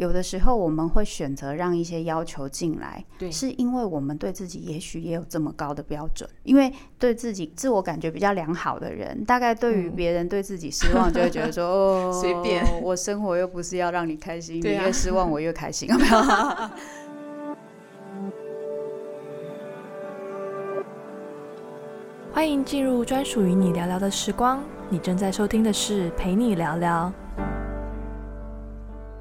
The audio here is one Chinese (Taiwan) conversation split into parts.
有的時候，我們會選擇讓一些要求進來，對，是因為我們對自己也許也有這麼高的標準，因為對自己自我感覺比較良好的人，大概對於別人對自己失望，就會覺得說，哦、嗯， 隨便、哦，我生活又不是要讓你開心，啊、你越失望我越開心。歡迎進入專屬於你聊聊的時光，你正在收聽的是蓓你聊聊。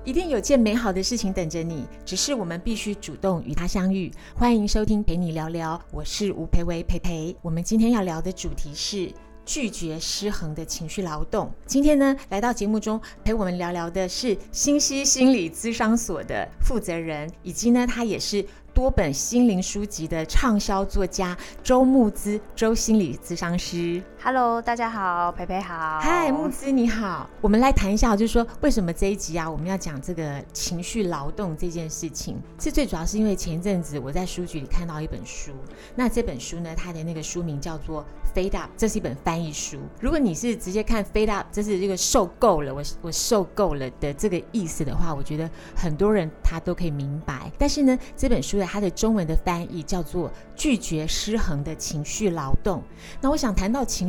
一定有件美好的事情等着你，只是我們必須主動與它相遇。歡迎收聽《蓓你聊聊》，我是吳蓓薇，蓓蓓。我們今天要聊的主題是拒絕失衡的情緒勞動。今天呢，來到節目中陪我們聊聊的是心曦心理諮商所的負責人，以及呢，他也是多本心靈書籍的暢銷作家周慕姿，周心理諮商師。Hello，大家好，蓓蓓好，嗨，慕姿你好，我們來談一下，就是說為什麼這一集啊，我們要講這個情緒勞動這件事情，是最主要是因為前陣子我在書局裡看到一本書，那這本書呢，它的那個書名叫做《Fed Up》，這是一本翻譯書。如果你是直接看《Fed Up》，這是這個受夠了，我我受夠了的這個意思的話，我覺得很多人他都可以明白。但是呢，這本書的它的中文的翻譯叫做《拒絕失衡的情緒勞動》。那我想談到情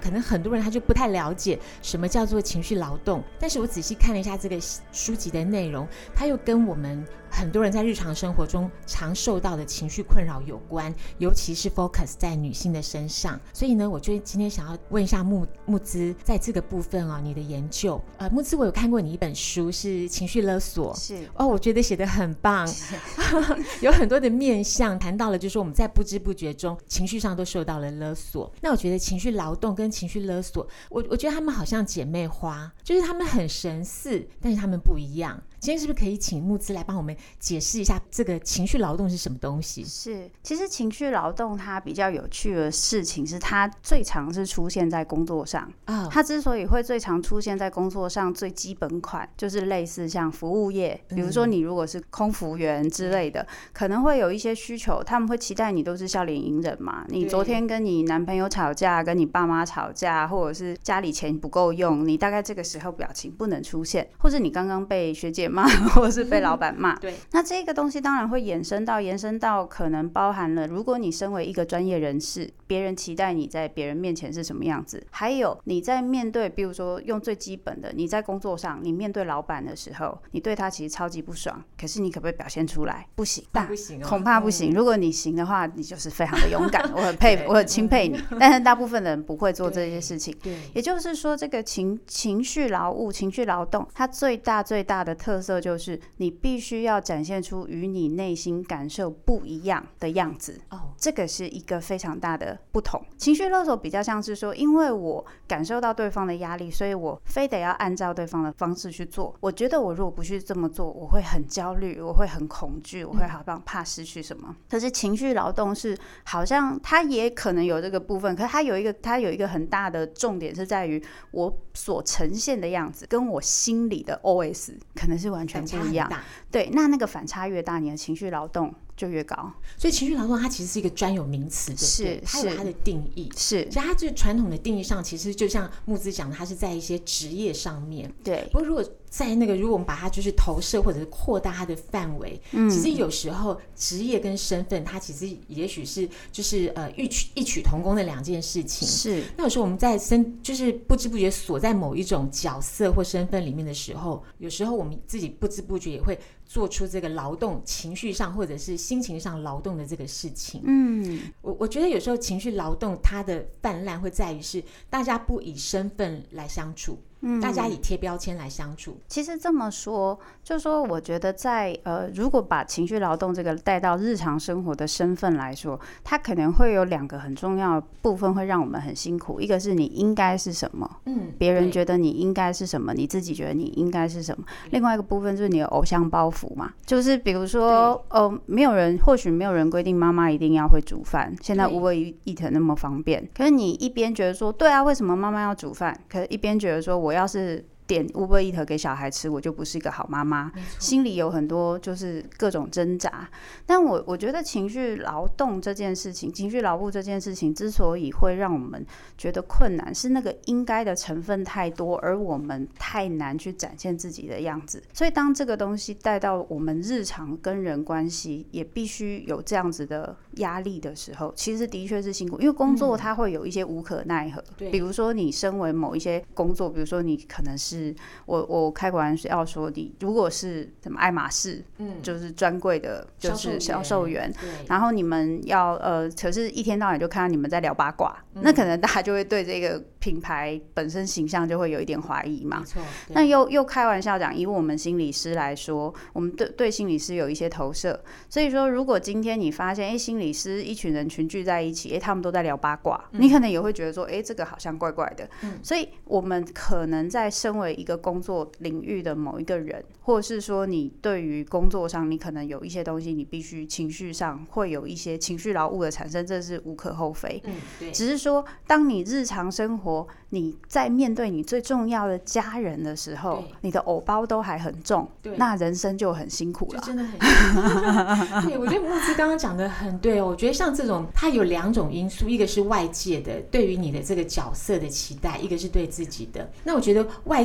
可能很多人他就不太了解什麼叫做情緒勞動，但是我仔細看了一下這個書籍的內容，它又跟我們很多人在日常生活中常受到的情緒困擾有關，尤其是 focus 在女性的身上。所以呢，我就今天想要問一下慕慕姿，在這個部分哦，你的研究呃，慕姿我有看過你一本書是《情緒勒索》是，是哦，我覺得寫得很棒，是 有很多的面向，談到了就是我們在不知不覺中情緒上都受到了勒索。那我覺得情緒勞動跟情緒勒索，我我覺得他們好像姐妹花，就是他們很神似，但是他們不一樣。今天是不是可以請慕姿來幫我們解釋一下這個情緒勞動是什麼東西？是，其實情緒勞動它比較有趣的事情是，它最常是出現在工作上啊。哦、它之所以會最常出現在工作上，最基本款就是類似像服務業，嗯、比如說你如果是空服員之類的，可能會有一些需求，他們會期待你都是笑臉迎人嘛。你昨天跟你男朋友吵架，跟你爸媽吵架，或者是家裡錢不夠用，你大概這個時候表情不能出現，或者你剛剛被學姐。罵，或 是被老板罵、嗯，對，那這個東西當然會延伸到延伸到可能包含了，如果你身為一個專業人士，別人期待你在別人面前是什麼樣子，還有你在面對，比如說用最基本的，你在工作上，你面對老板的時候，你對他其實超級不爽，可是你可不可以表現出來？不行吧，不行哦，恐怕不行。嗯、如果你行的話，你就是非常的勇敢， 我很佩，我很欽佩你。對但是大部分人不會做這些事情。對，對也就是說，這個情情緒勞務、情緒勞動，它最大最大的特色。色就是你必須要展現出與你內心感受不一樣的樣子哦，這個是一個非常大的不同。情緒勒索比較像是說，因為我感受到對方的壓力，所以我非得要按照對方的方式去做。我覺得我如果不去這麼做，我會很焦慮，我會很恐懼，我會好像怕失去什麼。可是情緒勞動是好像它也可能有這個部分，可是它有一個它有一個很大的重點是在於我所呈現的樣子跟我心裡的 OS 可能是完全不一樣，對，那那個反差越大，你的情緒勞動。就越高，所以情緒勞動它其實是一個專有名詞的，是對不對？是，它有它的定義。是，其實它最傳統的定義上，其實就像慕姿講的，它是在一些職業上面。對。不過，如果在那個，如果我們把它就是投射，或者是擴大它的範圍，嗯，其實有時候職業跟身份，它其實也許是就是呃，異曲異曲同工的兩件事情。是。那有時候我們在身，就是不知不覺鎖在某一種角色或身份裡面的時候，有時候我們自己不知不覺也會。做出這個勞動，情緒上或者是心情上勞動的這個事情。嗯，我我覺得有時候情緒勞動它的泛濫會在於是大家不以身份來相處。嗯，大家以貼標籤來相處，嗯。其實這麼說，就說我覺得在呃，如果把情緒勞動這個帶到日常生活的身份來說，它可能會有兩個很重要的部分會讓我們很辛苦。一個是你應該是什麼，嗯，別人覺得你應該是什麼，對你自己覺得你應該是什麼。嗯，另外一個部分就是你的偶像包袱嘛，就是比如說對呃，沒有人或許沒有人規定媽媽一定要會煮飯。現在 Uber Eats 那麼方便，對可是你一邊覺得說對啊，為什麼媽媽要煮飯？可是一邊覺得說我。我要是。點 Uber Eats 給小孩吃，我就不是一個好媽媽，沒錯，心裡有很多就是各種掙扎。但我我覺得情緒勞動這件事情，情緒勞務這件事情之所以會讓我們覺得困難，是那個應該的成分太多，而我們太難去展現自己的樣子。所以當這個東西帶到我們日常跟人關係，也必須有這樣子的壓力的時候，其實的確是辛苦。因為工作它會有一些無可奈何，嗯、比如說你身為某一些工作，比如說你可能是。我我開玩笑說你，你如果是什麼愛馬仕，嗯，就是專櫃的，就是銷售員，嗯、員，然後你們要呃，可是一天到晚就看到你們在聊八卦，嗯、那可能大家就會對這個品牌本身形象就會有一點懷疑嘛。沒錯，那又又開玩笑講，以我們心理師來說，我們對對心理師有一些投射，所以說如果今天你發現，哎、欸，心理師一群人群聚在一起，哎、欸，他們都在聊八卦，嗯、你可能也會覺得說，哎、欸，這個好像怪怪的。嗯，所以我們可能在身為一個工作領域的某一個人，或者是說你對於工作上你可能有一些東西，你必須情緒上會有一些情緒勞,勞務的產生，這是無可厚非。嗯，對。只是說，當你日常生活你在面對你最重要的家人的時候，對你的偶包都還很重，對，那人生就很辛苦了，真的很辛苦。對、 欸，我覺得慕姿剛剛講的很對、哦。我覺得像這種，它有兩種因素，一個是外界的對於你的這個角色的期待，一個是對自己的。那我覺得外。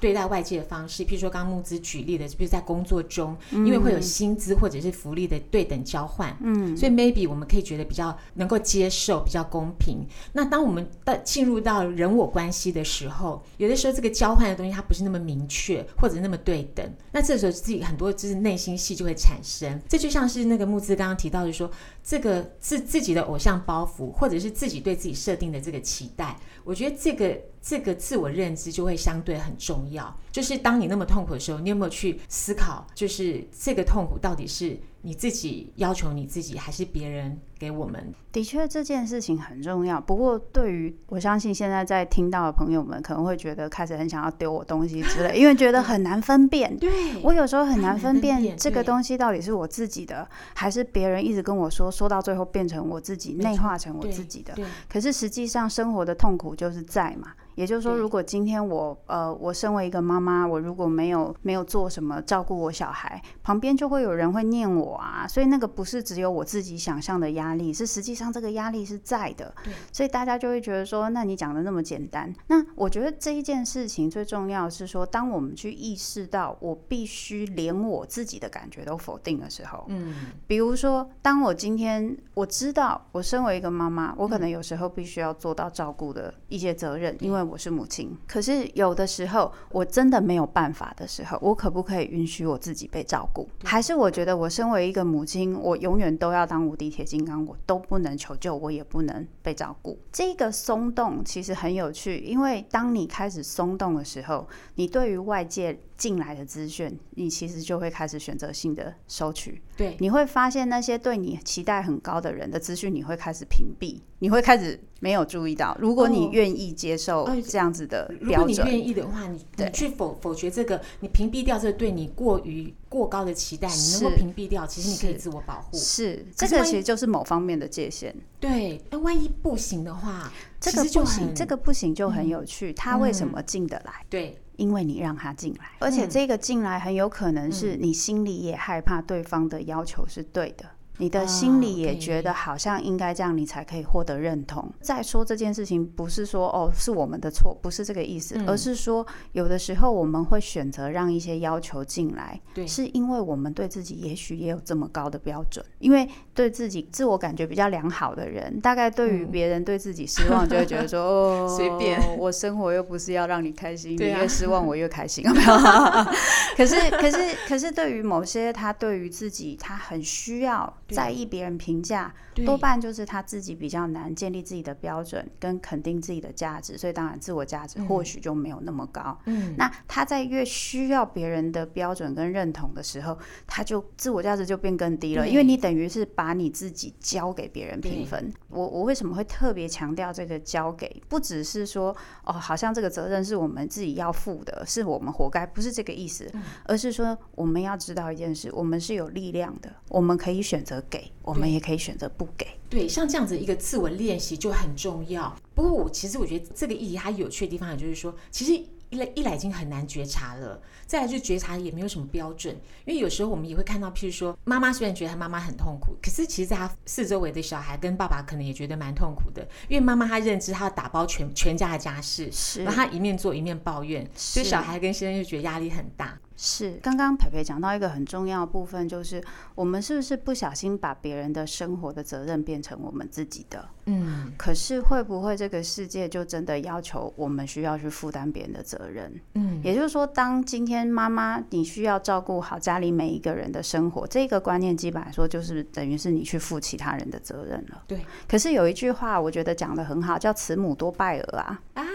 對待外界的方式，譬如說剛剛慕姿舉例的，譬如在工作中，嗯、因為會有薪資或者是福利的對等交換，嗯，所以 maybe 我們可以覺得比較能夠接受，比較公平。那當我們到進入到人我關係的時候，有的時候這個交換的東西它不是那麼明確，或者那麼對等。那這時候自己很多就是內心戲就會產生。這就像是那個慕姿剛剛提到的說，這個自自己的偶像包袱，或者是自己對自己設定的這個期待，我覺得這個這個自我認知就會相對很重要。要就是當你那麼痛苦的時候，你有沒有去思考，就是這個痛苦到底是你自己要求你自己，還是別人給我們？的確，這件事情很重要。不過，對於我相信現在在聽到的朋友們，可能會覺得開始很想要丟我東西之類， 因為覺得很難分辨。對，我有時候很難分辨這個東西到底是我自己的，還是別人一直跟我說，說到最後變成我自己，內化成我自己的。對，對。可是實際上，生活的痛苦就是在嘛。也就是說，如果今天我對呃，我身為一個媽媽，我如果沒有沒有做什麼照顧我小孩，旁邊就會有人會念我啊，所以那個不是只有我自己想象的壓力，是實際上這個壓力是在的。對所以大家就會覺得說，那你講的那麼簡單？那我覺得這一件事情最重要是說，當我們去意識到我必須連我自己的感覺都否定的時候，嗯，比如說，當我今天我知道我身為一個媽媽，我可能有時候必須要做到照顧的一些責任，嗯、因為我是母親，可是有的時候我真的沒有辦法的時候，我可不可以允許我自己被照顧？對還是我覺得我身為一個母親，我永遠都要當無敵鐵金剛，我都不能求救，我也不能被照顧。這個鬆動其實很有趣，因為當你開始鬆動的時候，你對於外界，進來的資訊，你其實就會開始選擇性的收取。對，你會發現那些對你期待很高的人的資訊，你會開始屏蔽，你會開始沒有注意到。如果你願意接受這樣子的標準，哦哎、如果你願意的話，你對你去否否決這個，你屏蔽掉這個對你過於過高的期待，是你能夠屏蔽掉，其實你可以自我保護。是，這個其實就是某方面的界限。對，那萬一不行的話，這個，這個不行，這個不行就很有趣。嗯、他為什麼進得來？對。因為你讓他進來，而且這個進來很有可能是你心裡也害怕對方的要求是對的。你的心裡也覺得好像應該這樣，你才可以獲得認同。Oh, okay. 再說這件事情，不是說哦是我們的錯，不是這個意思，嗯、而是說有的時候我們會選擇讓一些要求進來，對，是因為我們對自己也許也有這麼高的標準，因為對自己自我感覺比較良好的人，大概對於別人對自己失望就會覺得說、嗯、 便哦隨便，我生活又不是要讓你開心，啊、你越失望我越開心啊。 可是可是可是，對於某些他對於自己他很需要。在意別人評價，對多半就是他自己比較難建立自己的標準跟肯定自己的價值，所以當然自我價值或許就沒有那麼高。嗯，那他在越需要別人的標準跟認同的時候，他就自我價值就變更低了，對因為你等於是把你自己交給別人評分。對我我為什麼會特別強調這個交給？不只是說哦，好像這個責任是我們自己要負的，是我們活該，不是這個意思，嗯。而是說我們要知道一件事，我們是有力量的，我們可以選擇。給我們也可以選擇不給，對，對，像這樣子一個自我練習就很重要。不過我其實我覺得這個議題它有趣的地方，也就是說其實一來一來已經很難覺察了，再來就覺察也沒有什麼標準，因為有時候我們也會看到，譬如說媽媽雖然覺得她媽媽很痛苦，可是其實在她四周圍的小孩跟爸爸可能也覺得蠻痛苦的，因為媽媽她認知她要打包全全家的家事，是，然後她一面做一面抱怨，是所以小孩跟先生就覺得壓力很大。是，剛剛蓓蓓講到一個很重要的部分，就是我們是不是不小心把別人的生活的責任變成我們自己的？嗯，可是會不會這個世界就真的要求我們需要去負擔別人的責任？嗯，也就是說，當今天媽媽你需要照顧好家裡每一個人的生活，這個觀念基本來說就是等於是你去負其他人的責任了。對。可是有一句話，我覺得講得很好，叫“慈母多敗兒”啊啊！啊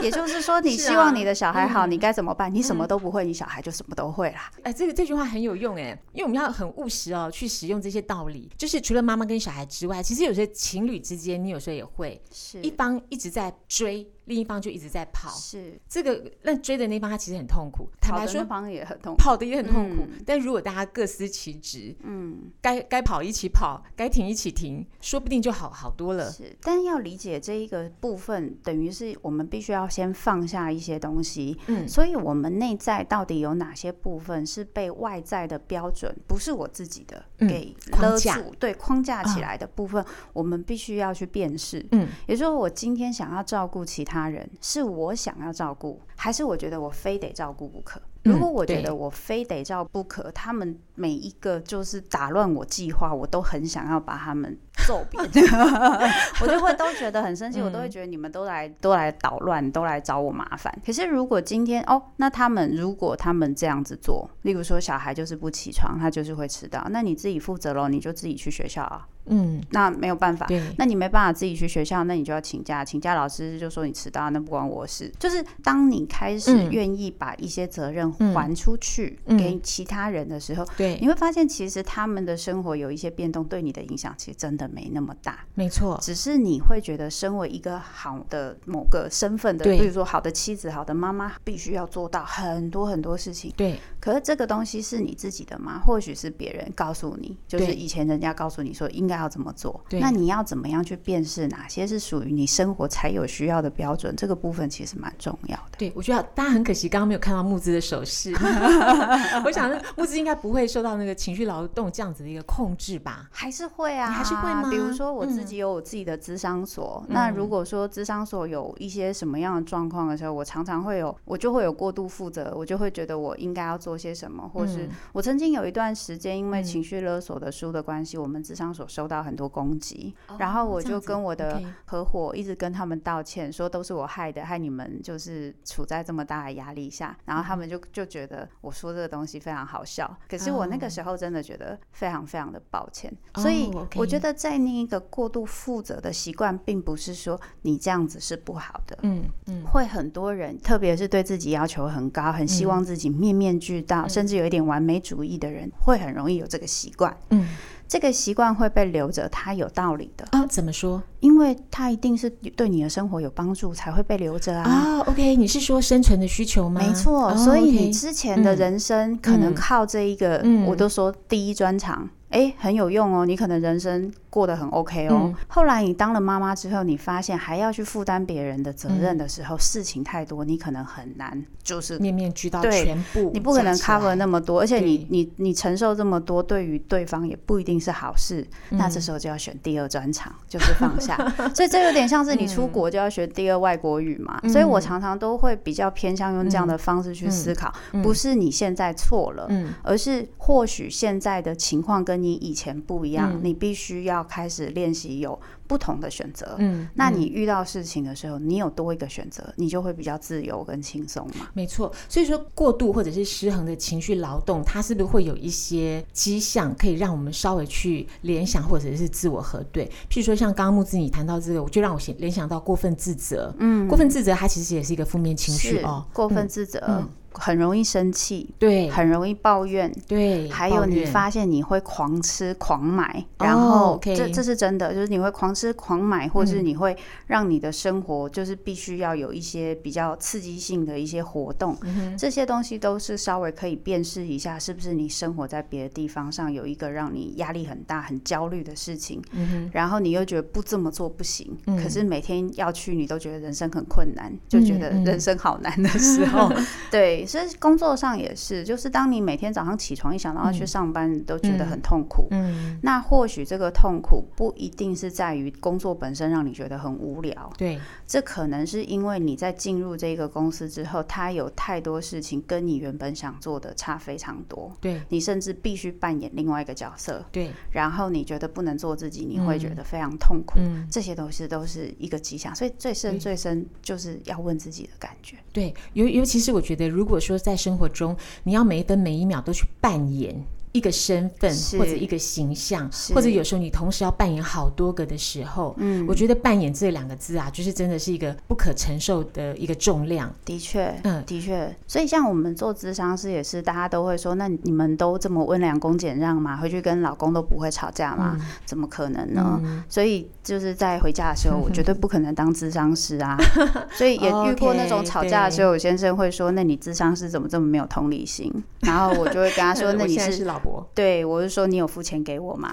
也就是說，你希望你的小孩好， 啊嗯、你該怎麼辦？你什麼都不會，你小孩就什麼都會啦。哎、嗯欸，這個這句話很有用哎、欸，因為我們要很務實哦，去使用這些道理。就是除了媽媽跟小孩之外，其實有些情侶之間。你有時候也會，是一幫一直在追。另一方就一直在跑，是這個那追的那方他其實很痛苦，坦白說，跑的那方也很痛苦，跑的也很痛苦。但如果大家各司其職，嗯，該該跑一起跑，該停一起停，說不定就好好多了。是，但要理解這一個部分，等於是我們必須要先放下一些東西。嗯，所以我們內在到底有哪些部分是被外在的標準，不是我自己的，給勒住，對，框架起來的部分，我們必須要去辨識。嗯，也就是說，我今天想要照顧其他。他人是我想要照顧，還是我覺得我非得照顧不可？嗯、如果我覺得我非得照不可，對他們每一個就是打亂我計劃，我都很想要把他們。揍別 對 我就會都覺得很生氣，嗯、我都會覺得你們都來都來搗亂，都來找我麻煩。可是如果今天哦，那他們如果他們這樣子做，例如說小孩就是不起床，他就是會遲到，那你自己負責嘍，你就自己去學校啊。嗯，那沒有辦法，對 那你沒辦法自己去學校，那你就要請假，請假老師就說你遲到，那不關我事。就是當你開始願意把一些責任還出去給其他人的時候，對，嗯、你會發現其實他們的生活有一些變動，對你的影響其實真的。沒那麼大，沒錯，只是你會覺得身為一個好的某個身份的，對。比如說好的妻子、好的媽媽，必須要做到很多很多事情。對。可是這個東西是你自己的嗎？或許是別人告訴你，就是以前人家告訴你說應該要怎麼做，對那你要怎麼樣去辨識哪些是屬於你生活才有需要的標準？這個部分其實蠻重要的。對，我覺得大家很可惜，剛剛沒有看到慕姿的手勢。 我想是慕姿應該不會受到那個情緒勞動這樣子的一個控制吧？還是會啊，你還是會嗎？比如說我自己有我自己的諮商所，嗯、那如果說諮商所有一些什麼樣的狀況的時候，嗯、我常常會有，我就會有過度負責，我就會覺得我應該要做，說些什麼，或是我曾經有一段時間，因為情緒勒索的書的關係，我們諮商所所受到很多攻擊，然後我就跟我的合夥一直跟他們道歉，說都是我害的，害你們就是處在這麼大的壓力下，然後他們就就覺得我說這個東西非常好笑，可是我那個時候真的覺得非常非常的抱歉，所以我覺得在那一個過度負責的習慣，並不是說你這樣子是不好的，嗯嗯，會很多人，特別是對自己要求很高，很希望自己面面俱的、嗯。嗯嗯嗯到甚至有一點完美主義的人，嗯、會很容易有這個習慣。嗯，這個習慣會被留着，他有道理的啊、哦。怎麼說？因為他一定是對你的生活有幫助，才會被留着啊。哦、okay，你是說生存的需求嗎？沒錯，哦、okay，所以你之前的人生可能靠這一個，嗯、我都說第一專長，哎、嗯欸，很有用哦。你可能人生。過得很 OK 哦。後來你當了媽媽之後，你發現還要去負擔別人的責任的時候，事情太多，你可能很難，就是面面俱到，全部你不可能 cover 那麼多。而且你你你承受這麼多，對於對方也不一定是好事。那這時候就要選第二專長，就是放下。所以這有點像是你出國就要學第二外國語嘛。所以我常常都會比較偏向用這樣的方式去思考，不是你現在錯了，而是或許現在的情況跟你以前不一樣，你必須要。開始練習有不同的選擇，嗯，那你遇到事情的時候，嗯、你有多一個選擇，你就會比較自由跟輕鬆嘛？沒錯，所以說過度或者是失衡的情緒勞動，它是不是會有一些跡象可以讓我們稍微去聯想或者是自我核對？譬如說，像剛剛慕姿你談到這個，我就讓我聯想到過分自責，嗯，過分自責，它其實也是一個負面情緒是哦，過分自責。嗯嗯很容易生氣，對，很容易抱怨，對。還有你發現你會狂吃狂買，然後這這是真的，就是你會狂吃狂買，或是你會讓你的生活就是必須要有一些比較刺激性的一些活動，這些東西都是稍微可以辨識一下，是不是你生活在別的地方上有一個讓你壓力很大、很焦慮的事情，然後你又覺得不這麼做不行，可是每天要去你都覺得人生很困難，就覺得人生好難的時候，對。也是工作上也是，就是當你每天早上起床一想到要去上班，嗯、都覺得很痛苦。嗯，嗯，那或許這個痛苦不一定是在於工作本身讓你覺得很無聊，對，這可能是因為你在進入這個公司之後，他有太多事情跟你原本想做的差非常多。對，你甚至必須扮演另外一個角色。對，然後你覺得不能做自己，你會覺得非常痛苦。嗯，嗯，這些東西都是一個跡象。所以最深最深就是要問自己的感覺。對，尤尤其是我覺得如果。如果說在生活中，你要每一分每一秒都去扮演一個身份或者一個形象，或者有時候你同時要扮演好多個的時候，嗯，我覺得扮演這兩個字啊，就是真的是一個不可承受的一個重量。的確，嗯，的確。所以像我們做諮商師也是，大家都會說，那你們都這麼溫良恭儉讓嗎？回去跟老公都不會吵架嗎？怎麼可能呢？所以就是在回家的時候，我絕對不可能當諮商師啊。所以也遇過那種吵架的時候，我先生會說：“那你諮商師怎麼這麼沒有同理心？”然後我就會跟他說：“那你是對，我是說你有付錢給我嗎？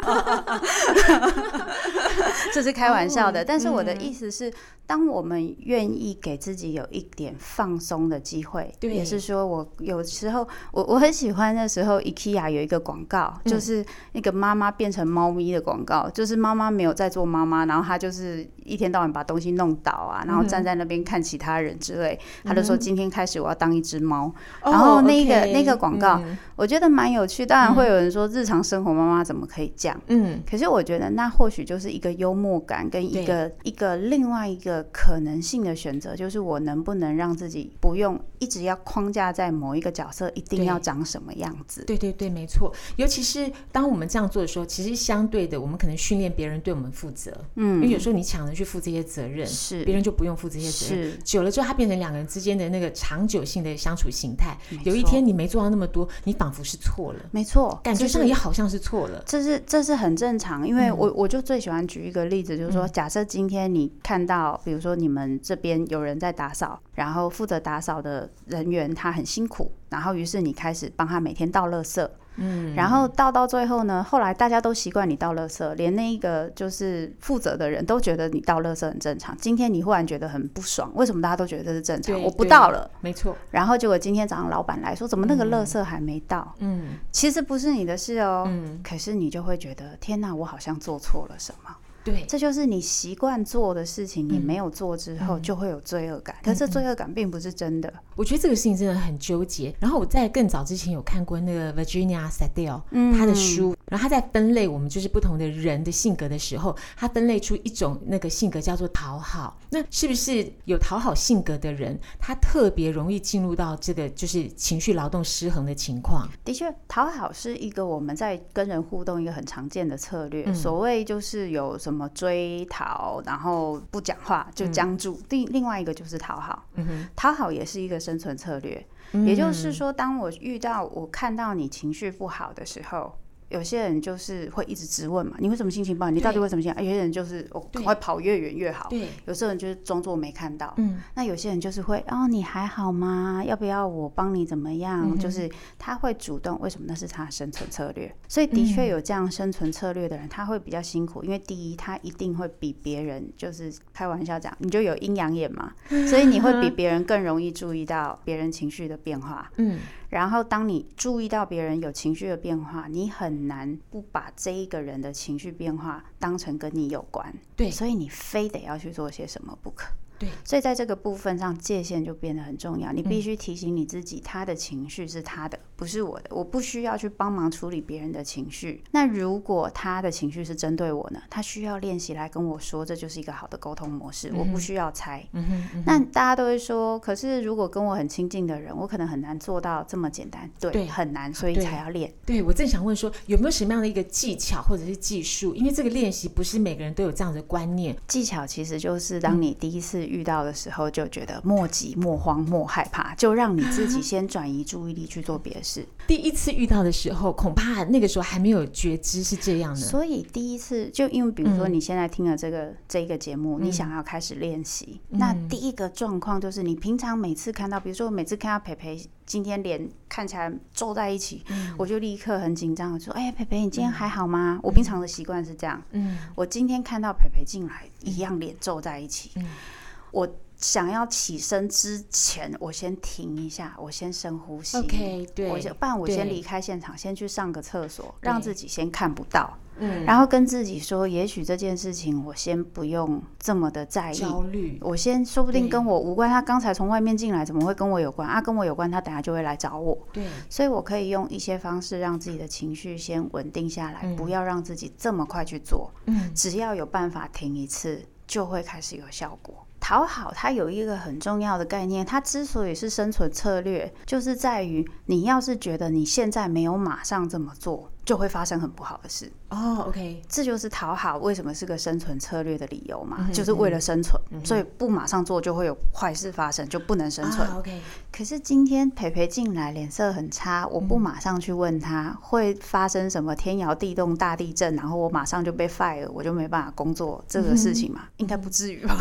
這 是開玩笑的，嗯、但是我的意思是，嗯、當我們願意給自己有一點放鬆的機會，對也是說，我有時候我我很喜歡那時候，IKEA 有一個廣告、嗯、告，就是那個媽媽變成貓咪的廣告，就是媽媽沒有在做媽媽，然後她就是。一天到晚把東西弄倒啊，然後站在那邊看其他人之類，嗯、他就說：“今天開始我要當一隻貓。嗯”然後那個、哦、okay, 那個廣告，我覺得蠻有趣。嗯、當然會有人說：“日常生活媽媽怎麼可以這樣？”嗯，可是我覺得那或許就是一個幽默感跟一個對一個另外一個可能性的選擇，就是我能不能讓自己不用一直要框架在某一個角色，一定要長什麼樣子？對對對，對，沒錯。尤其是當我們這樣做的時候，其實相對的，我們可能訓練別人對我們負責。嗯，因為有時候你搶了。去負這些責任，是別人就不用負這些責任。是久了之後，它變成兩個人之間的那個長久性的相處形態。錯有一天你沒做到那麼多，你仿佛是錯了，沒錯錯，感覺上也好像是錯了。這是這是很正常，因為我、嗯、我就最喜歡舉一個例子，就是說，假設今天你看到，比如說你們這邊有人在打掃，然後負責打掃的人員他很辛苦，然後於是你開始幫他每天倒垃圾。嗯，然後到到最後呢，後來大家都習慣你倒垃圾，連那一個就是負責的人都覺得你倒垃圾很正常。今天你忽然覺得很不爽，為什麼大家都覺得這是正常？我不倒了，沒錯。然後結果今天早上老闆來說，怎麼那個垃圾還沒倒？嗯，其實不是你的事哦。嗯，可是你就會覺得，天哪，我好像做錯了什麼。對，這就是你習慣做的事情，你沒有做之後、嗯、就會有罪惡感，嗯、可是罪惡感並不是真的。我覺得這個事情真的很糾結。然後我在更早之前有看過那個 Virginia Satir 嗯，她的書，嗯嗯然後她在分類我們就是不同的人的性格的時候，她分類出一種那個性格叫做討好。那是不是有討好性格的人，他特別容易進入到這個就是情緒勞動失衡的情況？的確，討好是一個我們在跟人互動一個很常見的策略。嗯、所謂就是有什麼。怎麼追逃，然後不講話就僵住。嗯、另另外一個就是討好，討、嗯、哼好也是一個生存策略。嗯、也就是說，當我遇到我看到你情緒不好的時候，有些人就是會一直質問嘛，你為什麼心情不好？你到底為什麼心情？有些人就是趕快跑越遠越好。對、啊，有些人就是裝、哦、作沒看到。嗯，那有些人就是會哦，你還好嗎？要不要我幫你怎麼樣？嗯、哼就是他會主動，為什麼？那是他的生存策略。所以的確有這樣生存策略的人，嗯、他會比較辛苦，因為第一，他一定會比別人就是開玩笑講，你就有陰陽眼嘛，嗯、哼所以你會比別人更容易注意到別人情緒的變化。嗯，然後當你注意到別人有情緒的變化，你很。難不把這一個人的情緒變化當成跟你有關，對，所以你非得要去做些什麼不可，對，所以在這個部分上，界限就變得很重要，你必須提醒你自己，他的情緒是他的。不是我的，我不需要去幫忙處理別人的情緒。那如果他的情緒是針對我呢？他需要練習來跟我說，這就是一個好的溝通模式。嗯哼，我不需要猜。嗯哼。嗯哼。那大家都會說，可是如果跟我很親近的人，我可能很難做到這麼簡單。對，對，很難，所以才要練。對，我正想問說，有沒有什麼樣的一個技巧或者是技術？因為這個練習不是每個人都有這樣的觀念。技巧其實就是當你第一次遇到的時候，就覺得莫急、莫慌、莫害怕，就讓你自己先轉移注意力去做別的事。嗯是第一次遇到的時候，恐怕那個時候還沒有覺知是這樣的。所以第一次就因為，比如說你現在聽了這個、嗯、這一個節目，你想要開始練習，嗯、那第一個狀況就是你平常每次看到，嗯、比如說我每次看到蓓蓓今天臉看起來皺在一起，嗯、我就立刻很緊張地說：“哎蓓蓓，蓓蓓你今天還好嗎？”嗯、我平常的習慣是這樣，嗯，我今天看到蓓蓓進來一樣臉皺在一起，嗯、我。想要起身之前，我先停一下，我先深呼吸。OK，對。我就，不然我先離開現場，對先去上個廁所，讓自己先看不到。嗯。然後跟自己說，也許這件事情我先不用這麼的在意。焦慮。我先，說不定跟我無關。對他剛才從外面進來，怎麼會跟我有關啊？跟我有關，他等下就會來找我。對。所以我可以用一些方式讓自己的情緒先穩定下來，嗯、不要讓自己這麼快去做。嗯。只要有辦法停一次，就會開始有效果。討好它，有一個很重要的概念，它之所以是生存策略，就是在於你要是覺得你現在沒有馬上這麼做。就會發生很不好的事哦。OK，這就是討好為什麼是個生存策略的理由嘛？就是為了生存，所以不馬上做就會有壞事發生，就不能生存。OK，可是今天蓓蓓進來臉色很差，我不馬上去問他會發生什麼天搖地動大地震，然後我馬上就被 fire，我就沒辦法工作，這個事情嘛？應該不至於吧？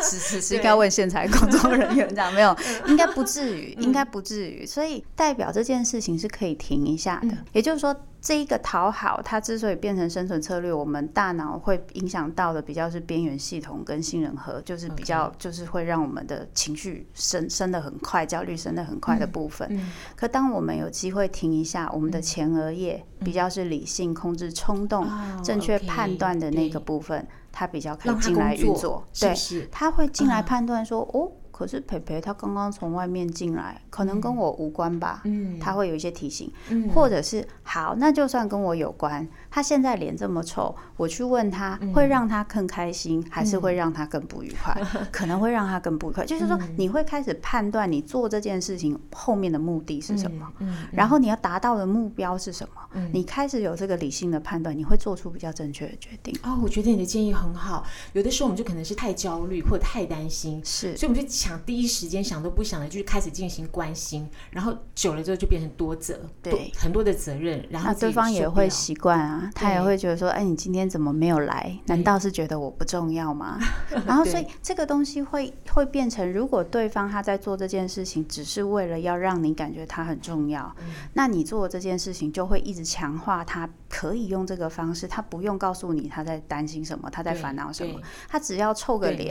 此時應該問現場工作人員這樣沒有？應該不至於，應該不至於，所以代表這件事情是可以停一下的，也就是說。這一個討好，它之所以變成生存策略，我們大腦會影響到的比較是邊緣系統跟杏仁核，就是比較就是會讓我們的情緒升升得很快，焦慮升得很快的部分。嗯嗯、可當我們有機會停一下，嗯、我們的前額葉比較是理性控制衝動、嗯嗯、正確判斷的那個部分，哦、okay, 它比較可以進來運作，作對，是是它會進來判斷說，嗯、哦。可是蓓蓓他剛剛從外面進來，可能跟我無關吧。嗯，他會有一些提醒，嗯、或者是好，那就算跟我有關，他現在臉這麼臭，我去問他，會讓他更開心，嗯、還是會讓他更不愉快？嗯、可能會讓他更不愉快。 就是說，你會開始判斷你做這件事情後面的目的是什麼，嗯嗯、然後你要達到的目標是什麼？嗯、你開始有這個理性的判斷，你會做出比較正確的決定。哦，我覺得你的建議很好。有的時候我們就可能是太焦慮或者太擔心，是，所以我們就強。第一時間想都不想的就開始進行關心，然後久了之後就變成多責。對，多很多的責任，然後對方也會習慣啊，對他也會覺得說，哎、欸，你今天怎麼沒有來？難道是覺得我不重要嗎？對然後所以這個東西會會變成，如果對方他在做這件事情，只是為了要讓你感覺他很重要，對那你做這件事情就會一直強化他可以用這個方式，他不用告訴你他在擔心什麼，他在煩惱什麼，他只要湊個臉。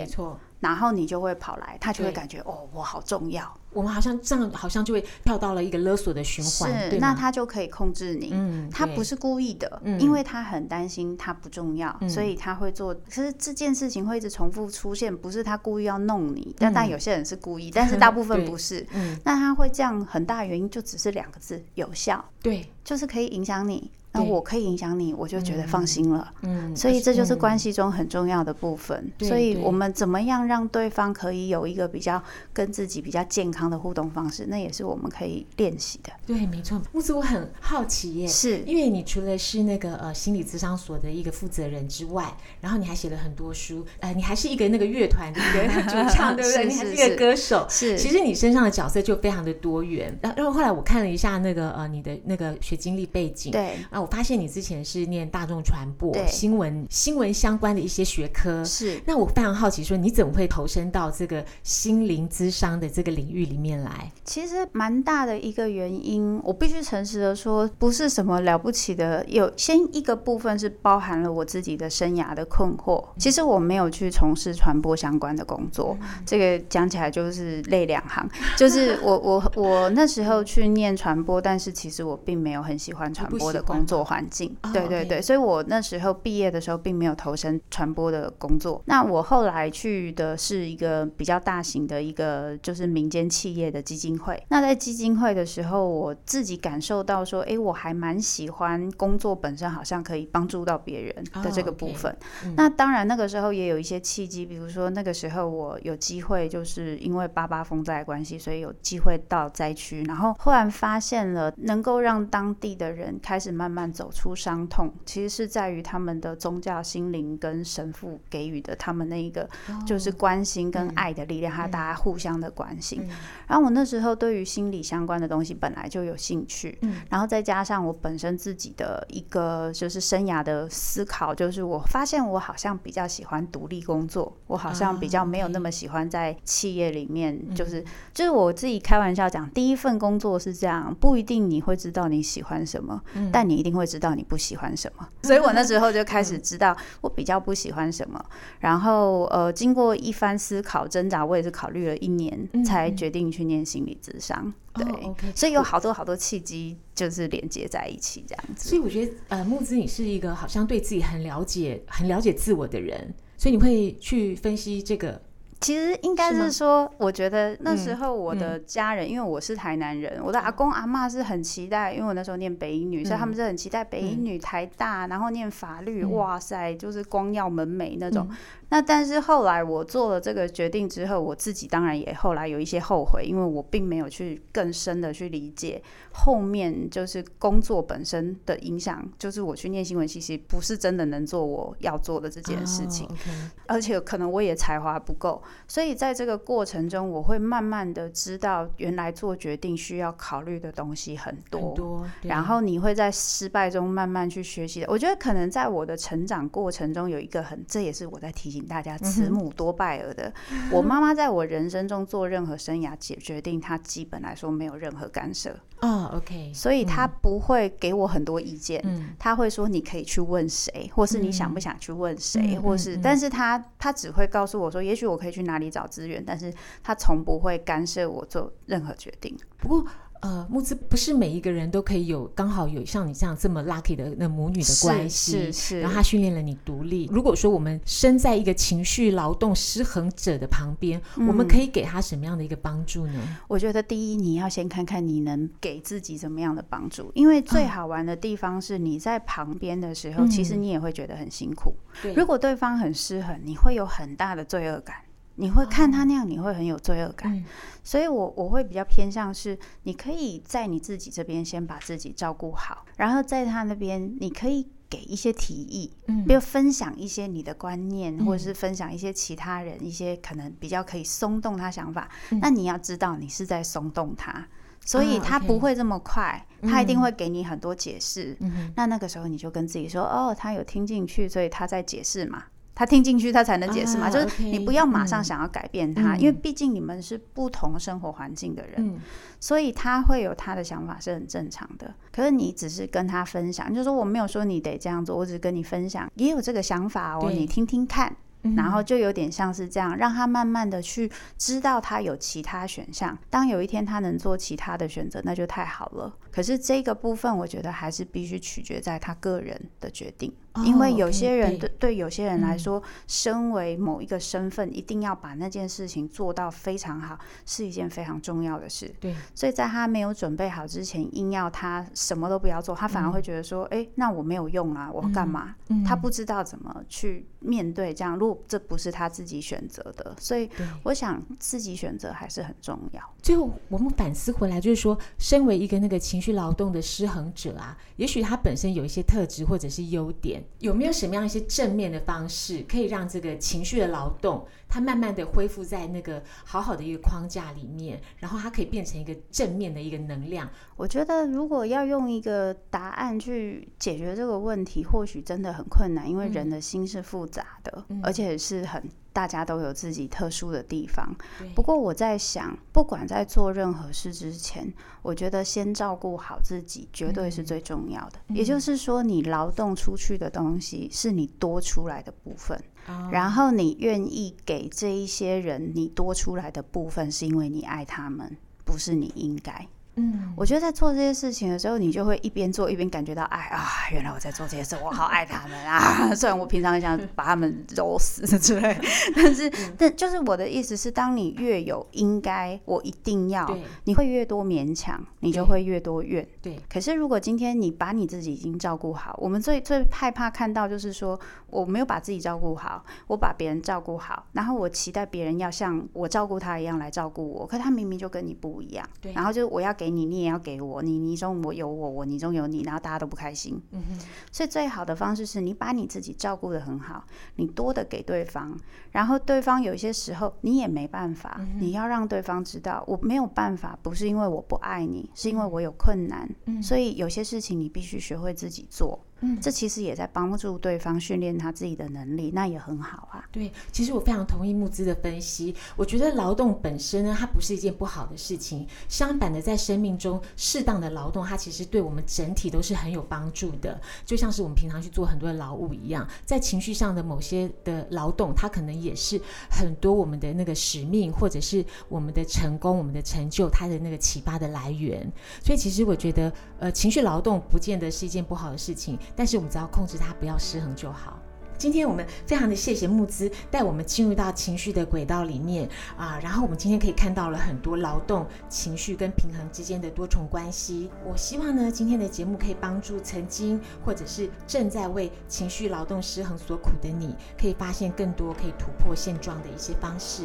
然後你就會跑來，他就會感覺哦，我好重要。我們好像這樣，好像就會跳到了一個勒索的循環，對嗎？那他就可以控制你。嗯，他不是故意的，因為他很擔心他不重要，所以他會做。其實這件事情會一直重複出現，不是他故意要弄你，但但有些人是故意，但是大部分不是。嗯，那他會這樣，很大原因就只是兩個字：有效。對，就是可以影響你。那我可以影響你，對我就覺得放心了。嗯，所以這就是關係中很重要的部分。嗯、所以，我們怎麼樣讓對方可以有一個比較跟自己比較健康的互動方式？那也是我們可以練習的。對，沒錯。慕姿，我很好奇耶，是因為你除了是那個呃心理諮商所的一個負責人之外，然後你還寫了很多書，呃，你還是一個那個樂團的一個主唱， 對不對？是是是，你還是一個歌手。是，其實你身上的角色就非常的多元。然然後，後來我看了一下那個呃你的那個學經歷背景，對。我發現你之前是念大眾傳播、對新聞、新聞相關的一些學科，是。那我非常好奇說，你怎麼會投身到這個心靈諮商的這個領域裡面來？其實蠻大的一個原因，我必須誠實的說，不是什麼了不起的。有先一個部分是包含了我自己的生涯的困惑。其實我沒有去從事傳播相關的工作，嗯、這個講起來就是淚兩行。就是我 我我那時候去念傳播，但是其實我並沒有很喜歡傳播的工作。做環境，oh, okay. 對對對，所以我那時候畢業的時候並沒有投身傳播的工作。那我後來去的是一個比較大型的一個就是民間企業的基金會。那在基金會的時候，我自己感受到說，哎、欸，我還蠻喜歡工作本身好像可以幫助到別人的這個部分。Oh, okay. 那當然那個時候也有一些契機，比如說那個時候我有機會，就是因為八八風災的關係，所以有機會到災區，然後忽然發現了能夠讓當地的人開始慢慢。走出傷痛，其實是在於他們的宗教心靈跟神父給予的他們那一個就是關心跟愛的力量，還有、哦嗯、大家互相的關心。嗯、然後我那時候對於心理相關的東西本來就有興趣，嗯、然後再加上我本身自己的一個就是生涯的思考，就是我發現我好像比較喜歡獨立工作，我好像比較沒有那麼喜歡在企業裡面，啊、就是、嗯、就是我自己開玩笑講，第一份工作是這樣，不一定你會知道你喜歡什麼，嗯、但你一定。因為知道你不喜歡什麼， 所以我那時候就開始知道我比較不喜歡什麼。 然後呃，經過一番思考掙扎，我也是考慮了一年，嗯嗯才決定去念心理諮商。嗯、對，oh, okay. 所以有好多好多契機，就是連接在一起這樣子。所以我覺得，呃，慕姿你是一個好像對自己很了解、很了解自我的人，所以你會去分析這個。其實應該是說，是嗎？我覺得那時候我的家人，嗯、因為我是台南人，嗯、我的阿公阿媽是很期待，因為我那時候念北一女，嗯、所以他們是很期待北一女台大，嗯、然後念法律，嗯、哇塞，就是光耀門楣那種。嗯、那但是後來我做了這個決定之後，我自己當然也後來也有一些後悔，因為我並沒有去更深的去理解後面就是工作本身的影響，就是我去念新聞，其實不是真的能做我要做的這件事情，oh, okay. 而且可能我也才華不夠。所以在這個過程中，我會慢慢的知道原來做決定需要考慮的東西很多，然後你會在失敗中慢慢去學習的。我覺得可能在我的成長過程中，有一個很，這也是我在提醒大家“慈母多敗兒”的。我媽媽在我人生中做任何生涯決決定，她基本來說沒有任何干涉。嗯，OK，所以她不會給我很多意見，她會說你可以去問誰，或是你想不想去問誰，或是，但是她她只會告訴我說，也許我可以去。去哪裡找資源？但是他從不會干涉我做任何決定。不過，呃，慕姿不是每一個人都可以有剛好有像你這樣這麼 lucky 的那母女的關係，是是。然後他訓練了你獨立。如果說我們身在一個情緒勞動失衡者的旁邊，嗯、我們可以給他什麼樣的一個幫助呢？我覺得第一，你要先看看你能給自己怎麼樣的幫助，因為最好玩的地方是你在旁邊的時候，嗯、其實你也會覺得很辛苦。嗯、對，如果對方很失衡，你會有很大的罪惡感。你會看他那樣，你會很有罪惡感，哦嗯、所以我我會比較偏向是，你可以在你自己這邊先把自己照顧好，然後在他那邊，你可以給一些提議，嗯、比如分享一些你的觀念，或者是分享一些其他人一些可能比較可以鬆動他想法。嗯、那你要知道，你是在松動他，嗯、所以他不會這麼快，哦、okay, 他一定會給你很多解釋。嗯、那那個時候，你就跟自己說，哦，哦他有聽進去，所以他在解釋嘛。他聽進去，他才能解釋嘛。啊、就是你不要馬上想要改變他，啊 okay, 嗯、因為畢竟你們是不同生活環境的人，嗯、所以他會有他的想法是很正常的。嗯、可是你只是跟他分享，就是說我沒有說你得這樣做，我只是跟你分享也有這個想法哦，對你聽聽看，然後就有點像是這樣，嗯、讓他慢慢的去知道他有其他選項。當有一天他能做其他的選擇，那就太好了。可是這個部分，我覺得還是必須取決在他個人的決定，oh, okay, 因為有些人對對有些人來說，對身為某一個身份，一定要把那件事情做到非常好，是一件非常重要的事。對，所以在他沒有準備好之前，硬要他什麼都不要做，他反而會覺得說：“哎、嗯欸，那我沒有用啊，我幹嘛？”嗯、他不知道怎麼去面對這樣。如果這不是他自己選擇的，所以我想自己選擇還是很重要。對最後，我們反思回來，就是說，身為一個那個情。去勞動的失衡者啊，也許他本身有一些特質或者是優點，有沒有什麼樣一些正面的方式，可以讓這個情緒的勞動它慢慢的恢復在那個好好的一個框架裡面，然後它可以變成一個正面的一個能量。我覺得如果要用一個答案去解決這個問題，或許真的很困難，因為人的心是複雜的，嗯，而且是很大家都有自己特殊的地方。嗯，不過我在想，不管在做任何事之前，我覺得先照顧好自己絕對是最重要的。嗯，也就是說，你勞動出去的東西是你多出來的部分。Oh. 然後你願意給這一些人你多出來的部分，是因為你愛他們，不是你應該。嗯，我覺得在做這些事情的時候，你就會一邊做一邊感覺到愛，哎啊，原來我在做這些事，我好愛他們啊！ 雖然我平常想把他們揉死之類，但是、嗯、但就是我的意思是，當你越有應該我一定要，對你會越多勉強，你就會越多怨。對。可是如果今天你把你自己已經照顧好，我們最最害怕看到就是說，我沒有把自己照顧好，我把別人照顧好，然後我期待別人要像我照顧他一樣來照顧我，可他明明就跟你不一樣。對。然後就我要。給你，你也要給我，你你中有我，我中有你，然後大家都不開心。嗯、哼所以最好的方式是你把你自己照顧得很好，你多的給對方，然後對方有些時候你也沒辦法，嗯、哼你要讓對方知道我沒有辦法，不是因為我不愛你，是因為我有困難。嗯、哼所以有些事情你必須學會自己做。嗯，這其實也在幫助對方訓練他自己的能力，那也很好啊。對，其實我非常同意慕姿的分析。我覺得勞動本身呢，它不是一件不好的事情。相反的，在生命中適當的勞動，它其實對我們整體都是很有幫助的。就像是我們平常去做很多的勞務一樣，在情緒上的某些的勞動，它可能也是很多我們的那個使命，或者是我們的成功、我們的成就，它的那個啟發的來源。所以，其實我覺得，呃，情緒勞動不見得是一件不好的事情。但是我們只要控制它，不要失衡就好。今天我們非常的謝謝慕姿帶我們進入到情緒的軌道裡面啊，然後我們今天可以看到了很多勞動、情緒跟平衡之間的多重關係。我希望呢，今天的節目可以幫助曾經或者是正在為情緒勞動失衡所苦的你，可以發現更多可以突破現狀的一些方式。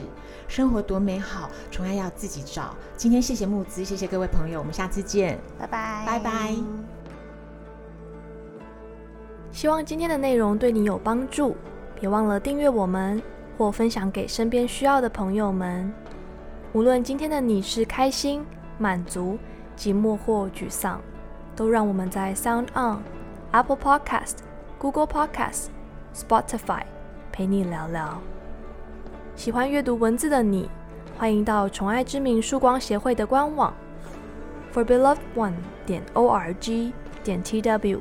生活多美好，寵愛要自己找。今天謝謝慕姿，謝謝各位朋友，我們下次見，拜拜 bye，拜拜。希望今天的內容對你有幫助，別忘了訂閱我們或分享給身邊需要的朋友們。無論今天的你是開心、滿足、寂寞或沮喪，都讓我們在 Sound On、Apple Podcast、Google Podcast、Spotify 陪你聊聊。喜歡閱讀文字的你，歡迎到寵愛之名曙光協會的官網 For Beloved One 點 O R G 點 T W。